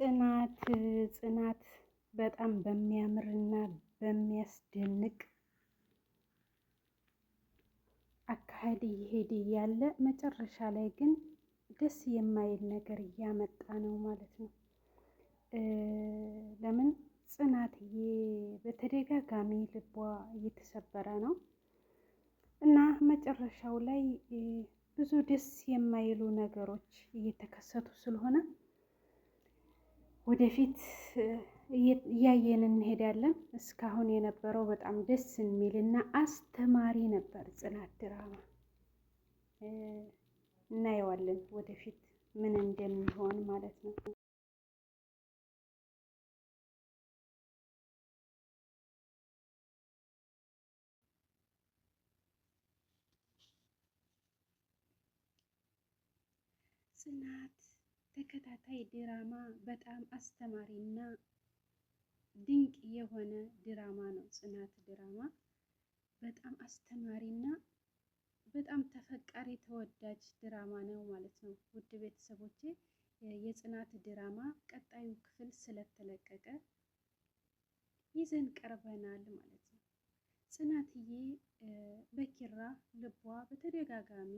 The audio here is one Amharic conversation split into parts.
ጽናት ጽናት በጣም በሚያምርና በሚያስደንቅ አካሄድ እየሄደ ያለ መጨረሻ ላይ ግን ደስ የማይል ነገር እያመጣ ነው ማለት ነው። ለምን ጽናትዬ በተደጋጋሚ ልቧ እየተሰበረ ነው እና መጨረሻው ላይ ብዙ ደስ የማይሉ ነገሮች እየተከሰቱ ስለሆነ ወደፊት እያየን እንሄዳለን። እስካሁን የነበረው በጣም ደስ የሚል እና አስተማሪ ነበር ጽናት ድራማ። እናየዋለን ወደፊት ምን እንደሚሆን ማለት ነው። ጽናት ተከታታይ ድራማ በጣም አስተማሪ እና ድንቅ የሆነ ድራማ ነው። ጽናት ድራማ በጣም አስተማሪ እና በጣም ተፈቃሪ ተወዳጅ ድራማ ነው ማለት ነው። ውድ ቤተሰቦቼ የጽናት ድራማ ቀጣዩ ክፍል ስለተለቀቀ ይዘን ቀርበናል ማለት ነው። ጽናትዬ በኪራ ልቧ በተደጋጋሚ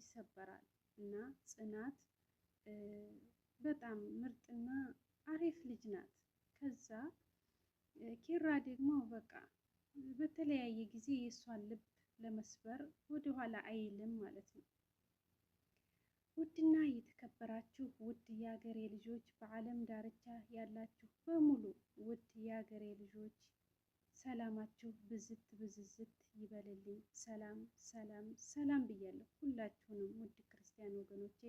ይሰበራል እና ጽናት በጣም ምርጥና አሪፍ ልጅ ናት። ከዛ ኪራ ደግሞ በቃ በተለያየ ጊዜ የእሷን ልብ ለመስበር ወደኋላ አይልም ማለት ነው። ውድና የተከበራችሁ ውድ የሀገሬ ልጆች በዓለም ዳርቻ ያላችሁ በሙሉ ውድ የሀገሬ ልጆች ሰላማችሁ ብዝት ብዝዝት ይበልልኝ። ሰላም ሰላም ሰላም ብያለሁ ሁላችሁንም ውድ ክርስቲያን ወገኖቼ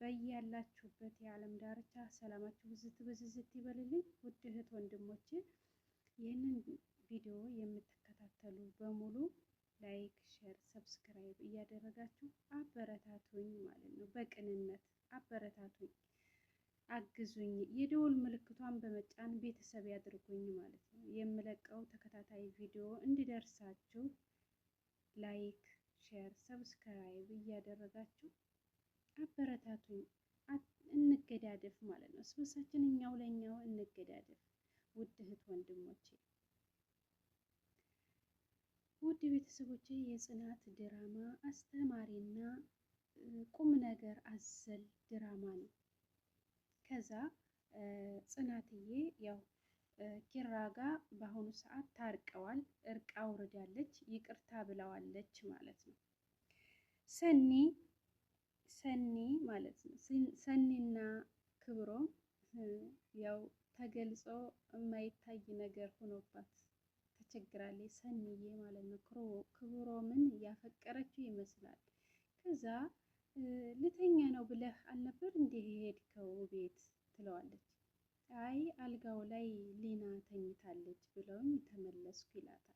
በያላችሁበት የዓለም ዳርቻ ሰላማችሁ ብዝት ብዝዝት ይበልልኝ። ውድ እህት ወንድሞቼ ይህንን ቪዲዮ የምትከታተሉ በሙሉ ላይክ፣ ሼር፣ ሰብስክራይብ እያደረጋችሁ አበረታቱኝ ማለት ነው። በቅንነት አበረታቱኝ፣ አግዙኝ። የደወል ምልክቷን በመጫን ቤተሰብ ያድርጉኝ ማለት ነው። የምለቀው ተከታታይ ቪዲዮ እንዲደርሳችሁ ላይክ፣ ሼር፣ ሰብስክራይብ እያደረጋችሁ አበረታቱኝ፣ እንገዳደፍ ማለት ነው። ስብሳችን እኛው ለእኛው እንገዳደፍ። ውድ እህት ወንድሞቼ፣ ውድ ቤተሰቦቼ የጽናት ድራማ አስተማሪና ቁም ነገር አዘል ድራማ ነው። ከዛ ጽናትዬ ያው ኪራ ጋ በአሁኑ ሰዓት ታርቀዋል። እርቅ አውርዳለች፣ ይቅርታ ብለዋለች ማለት ነው። ሰኒ ሰኒ ማለት ነው። ሰኒና ክብሮም ያው ተገልጾ የማይታይ ነገር ሆኖባት ተቸግራለች። ሰኒዬ ማለት ነው ክብሮምን እያፈቀረችው ይመስላል። ከዛ ልተኛ ነው ብለህ አልነበር እንዲህ የሄድከው ቤት ትለዋለች። አይ አልጋው ላይ ሊና ተኝታለች ብለውኝ ተመለስኩ ይላታል።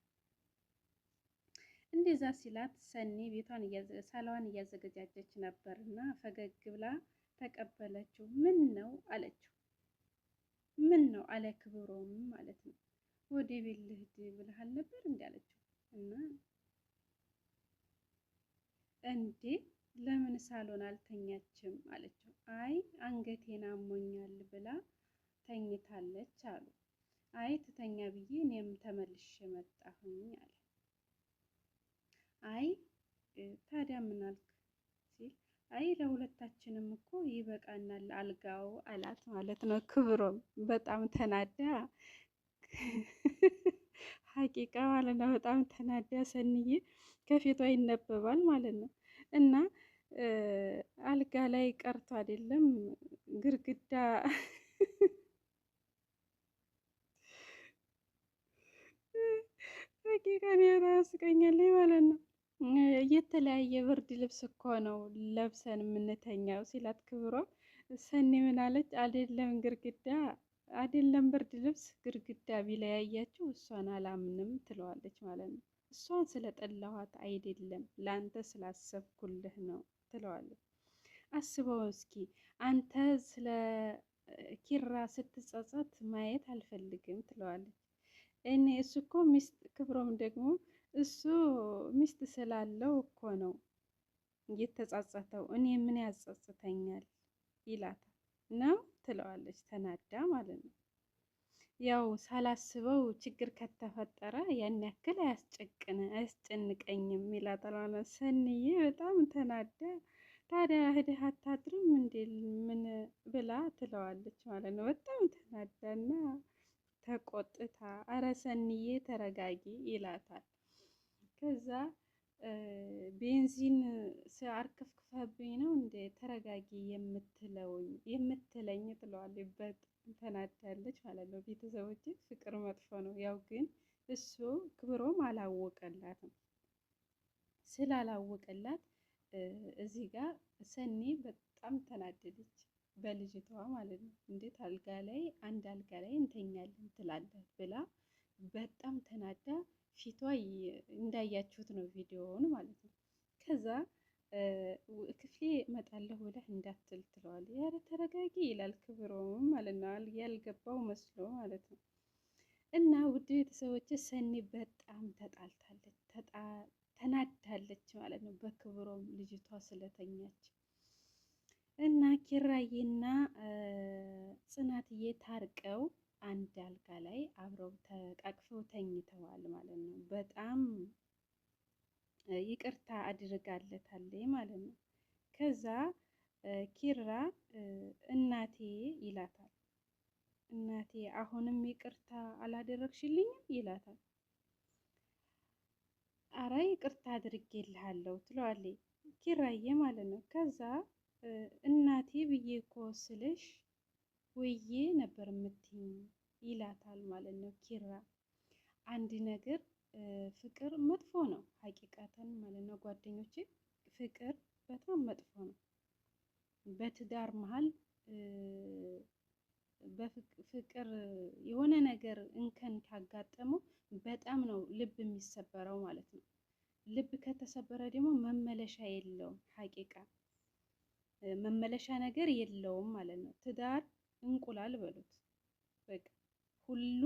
እንደዛ ሲላት ሰኒ ቤቷን ሳላዋን እያዘገጃጀች ነበር እና ፈገግ ብላ ተቀበለችው። ምን ነው አለችው። ምን ነው አለ ክብሮም ማለት ነው። ወደ ቤት ልሂድ ብለሃል ነበር እንዲ አለችው እና እንዴ ለምን ሳሎን አልተኛችም አለችው። አይ አንገቴን አሞኛል ብላ ተኝታለች አሉ። አይ ትተኛ ብዬ እኔም ተመልሼ መጣሁኝ አለ። አይ ታዲያ ምን አልክ ሲል አይ ለሁለታችንም እኮ ይበቃናል አልጋው አላት ማለት ነው። ክብሮም በጣም ተናዳ ሀቂቃ ማለት ነው። በጣም ተናዳ ሰንዬ ከፊቷ ይነበባል ማለት ነው። እና አልጋ ላይ ቀርቶ አይደለም ግርግዳ ሀቂቃ ያስቀኛል ማለት ነው። የተለያየ ብርድ ልብስ እኮ ነው ለብሰን የምንተኛው ሲላት ክብሮ ሰኒ ምናለች? አይደለም ግርግዳ አይደለም ብርድ ልብስ ግርግዳ ቢለያያችሁ እሷን አላምንም ትለዋለች ማለት ነው። እሷን ስለጠላኋት አይደለም ለአንተ ስላሰብኩልህ ነው ትለዋለች። አስበው እስኪ አንተ ስለ ኪራ ስትጸጸት ማየት አልፈልግም ትለዋለች። እኔ እሱ እኮ ሚስት ክብሮም ደግሞ እሱ ሚስት ስላለው እኮ ነው እየተጻጸተው። እኔ ምን ያጸጽተኛል ይላታል። ነው ትለዋለች ተናዳ ማለት ነው። ያው ሳላስበው ችግር ከተፈጠረ ያን ያክል አያስጨቅን አያስጨንቀኝም ይላታል ማለት ነው። ሰንዬ በጣም ተናዳ ታዲያ ሂደህ አታድርም እንዴ ምን ብላ ትለዋለች ማለት ነው። በጣም ተናዳና ተቆጥታ አረ ሰንዬ ተረጋጊ ይላታል። ከዛ ቤንዚን አርከፍክፈብኝ ነው እንደ ተረጋጊ የምትለኝ ጥለዋለች። በጣም ተናዳለች ማለት ነው። ቤተሰቦች ፍቅር መጥፎ ነው። ያው ግን እሱ ክብሮም አላወቀላትም። ስላላወቀላት እዚህ ጋር ሰኒ በጣም ተናደደች በልጅቷ ማለት ነው። እንዴት አልጋ ላይ አንድ አልጋ ላይ እንተኛለን ትላለህ ብላ በጣም ተናዳ ፊቷ እንዳያችሁት ነው ቪዲዮውን ማለት ነው። ከዛ ክፍሌ እመጣለሁ ብለህ እንዳትል ትለዋለች። ያረ ተረጋጊ ይላል ክብሮም ማለት ነው። ያልገባው መስሎ ማለት ነው። እና ውድ ቤተሰቦች ሰኒ በጣም ተጣልታለች፣ ተናዳለች ማለት ነው በክብሮም ልጅቷ ስለተኛች እና ኪራዬና ጽናትዬ ታርቀው አንድ አልጋ ላይ አብረው ተቃቅፈው ተኝተዋል ማለት ነው። በጣም ይቅርታ አድርጋለታለች ማለት ነው። ከዛ ኪራ እናቴ ይላታል። እናቴ አሁንም ይቅርታ አላደረግሽልኝም ይላታል። አረ ይቅርታ አድርጌልሃለሁ ትለዋለች ኪራዬ ማለት ነው። ከዛ እናቴ ብዬ እኮ ስልሽ ወይዬ ነበር የምትይኝ ይላታል ማለት ነው ኪራ። አንድ ነገር ፍቅር መጥፎ ነው ሀቂቃተን ማለት ነው ጓደኞቼ፣ ፍቅር በጣም መጥፎ ነው። በትዳር መሀል በፍቅር የሆነ ነገር እንከን ካጋጠመው በጣም ነው ልብ የሚሰበረው ማለት ነው። ልብ ከተሰበረ ደግሞ መመለሻ የለውም ሀቂቃ መመለሻ ነገር የለውም ማለት ነው ትዳር እንቁላል በሉት በቃ ሁሉ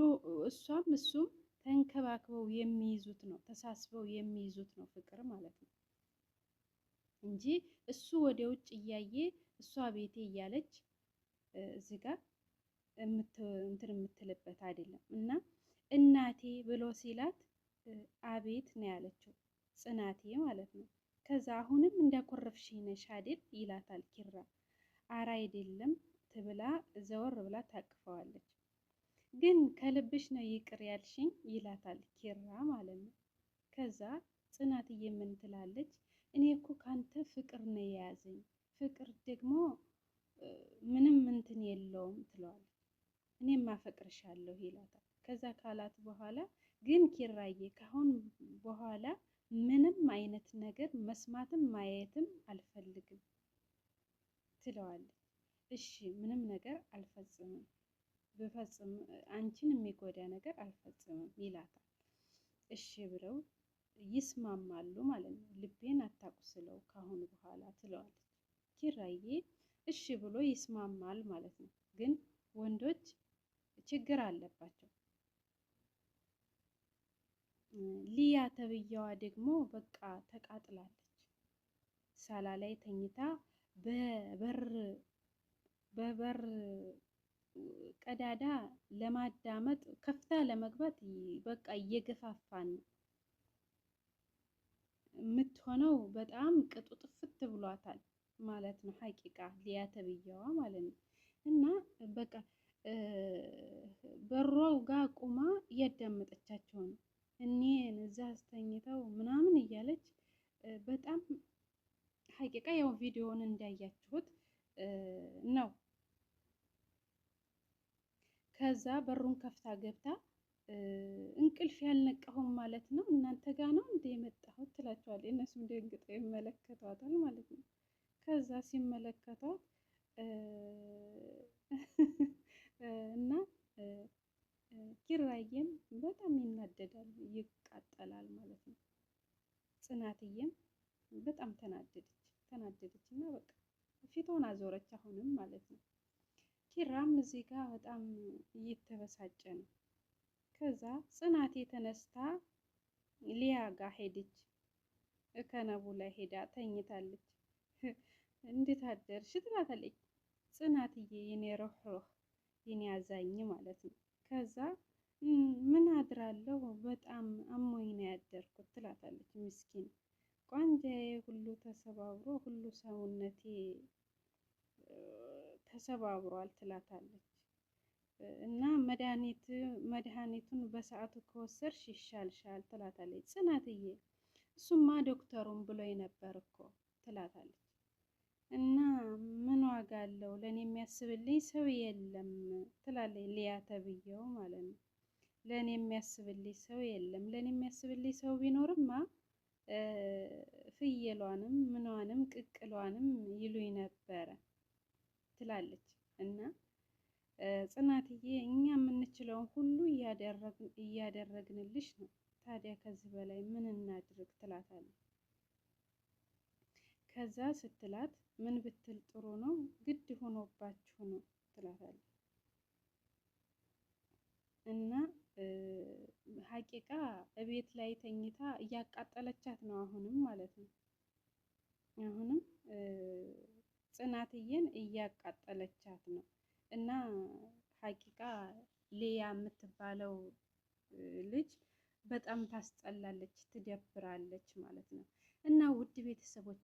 እሷም እሱም ተንከባክበው የሚይዙት ነው፣ ተሳስበው የሚይዙት ነው ፍቅር ማለት ነው እንጂ እሱ ወደ ውጭ እያየ እሷ ቤቴ እያለች እዚህ ጋር እንትን የምትልበት አይደለም። እና እናቴ ብሎ ሲላት አቤት ነው ያለችው ጽናቴ ማለት ነው። ከዛ አሁንም እንደኮረፍሽ ነሽ አይደል ይላታል ኪራ። አረ አይደለም ብላ ዘወር ብላ ታቅፈዋለች። ግን ከልብሽ ነው ይቅር ያልሽኝ ይላታል ኪራ ማለት ነው። ከዛ ጽናትዬ ምን ትላለች? እኔ እኮ ካንተ ፍቅር ነው የያዘኝ ፍቅር ደግሞ ምንም እንትን የለውም ትለዋለች። እኔም አፈቅርሻለሁ ይላታል። ከዛ ካላት በኋላ ግን ኪራዬ ካሁን በኋላ ምንም አይነት ነገር መስማትም ማየትም አልፈልግም ትለዋለች። እሺ ምንም ነገር አልፈጽምም ብፈጽም አንቺን የሚጎዳ ነገር አልፈጽምም ይላታል። እሺ ብለው ይስማማሉ ማለት ነው። ልቤን አታቁስለው ካሁን በኋላ ትለዋለች። ኪራዬ እሺ ብሎ ይስማማል ማለት ነው። ግን ወንዶች ችግር አለባቸው። ሊያ ተብያዋ ደግሞ በቃ ተቃጥላለች። ሳላ ላይ ተኝታ በበር በበር ቀዳዳ ለማዳመጥ ከፍታ ለመግባት በቃ እየገፋፋን ነው የምትሆነው። በጣም ቅጡ ጥፍት ብሏታል ማለት ነው። ሀቂቃ ሊያ ተብዬዋ ማለት ነው። እና በቃ በሯው ጋር ቁማ እያዳመጠቻቸው ነው። እኔን እዛ አስተኝተው ምናምን እያለች በጣም ሀቂቃ ያው ቪዲዮውን እንዳያችሁት ነው ከዛ በሩን ከፍታ ገብታ እንቅልፍ ያልነቃሁም ማለት ነው እናንተ ጋ ነው እንደ የመጣሁት ትላቸዋለች። እነሱም ደንግጠው ይመለከቷታል ማለት ነው። ከዛ ሲመለከቷት እና ኪራዬም በጣም ይናደዳል ይቃጠላል ማለት ነው። ጽናትዬም በጣም ተናደደች ተናደደች እና በቃ ፊቷን አዞረች አሁንም ማለት ነው። ኪራም እዚህ ጋር በጣም እየተበሳጨ ነው። ከዛ ጽናት የተነስታ ሊያ ጋር ሄደች። እከነቡ ላይ ሄዳ ተኝታለች። እንዴት አደርሽ ትላታለች። ጽናትዬ የኔ ሮህሮህ የኔ አዛኝ ማለት ነው። ከዛ ምን አድራለሁ በጣም አሞኝ ነው ያደርኩት ትላታለች። ምስኪን ቋንጃዬ ሁሉ ተሰባብሮ ሁሉ ሰውነቴ ተሰባብሯል ትላታለች። እና መድኃኒት መድኃኒቱን በሰዓቱ ከወሰድሽ ይሻልሻል ትላታለች። ጽናትዬ እሱማ ዶክተሩን ብሎኝ ነበር እኮ ትላታለች። እና ምን ዋጋ አለው ለእኔ የሚያስብልኝ ሰው የለም ትላለች። ሊያ ተብዬው ማለት ነው። ለእኔ የሚያስብልኝ ሰው የለም። ለእኔ የሚያስብልኝ ሰው ቢኖርማ ፍየሏንም ምኗንም ቅቅሏንም ይሉኝ ነበር ትላለች እና ጽናትዬ እኛ የምንችለውን ሁሉ እያደረግንልሽ ነው። ታዲያ ከዚህ በላይ ምን እናድርግ ትላታለች። ከዛ ስትላት ምን ብትል ጥሩ ነው ግድ ሆኖባችሁ ነው ትላታለች። እና ሀቂቃ እቤት ላይ ተኝታ እያቃጠለቻት ነው አሁንም ማለት ነው አሁንም ጽናትዬን እያቃጠለቻት ነው እና ሀቂቃ ሊያ የምትባለው ልጅ በጣም ታስጠላለች፣ ትደብራለች ማለት ነው። እና ውድ ቤተሰቦች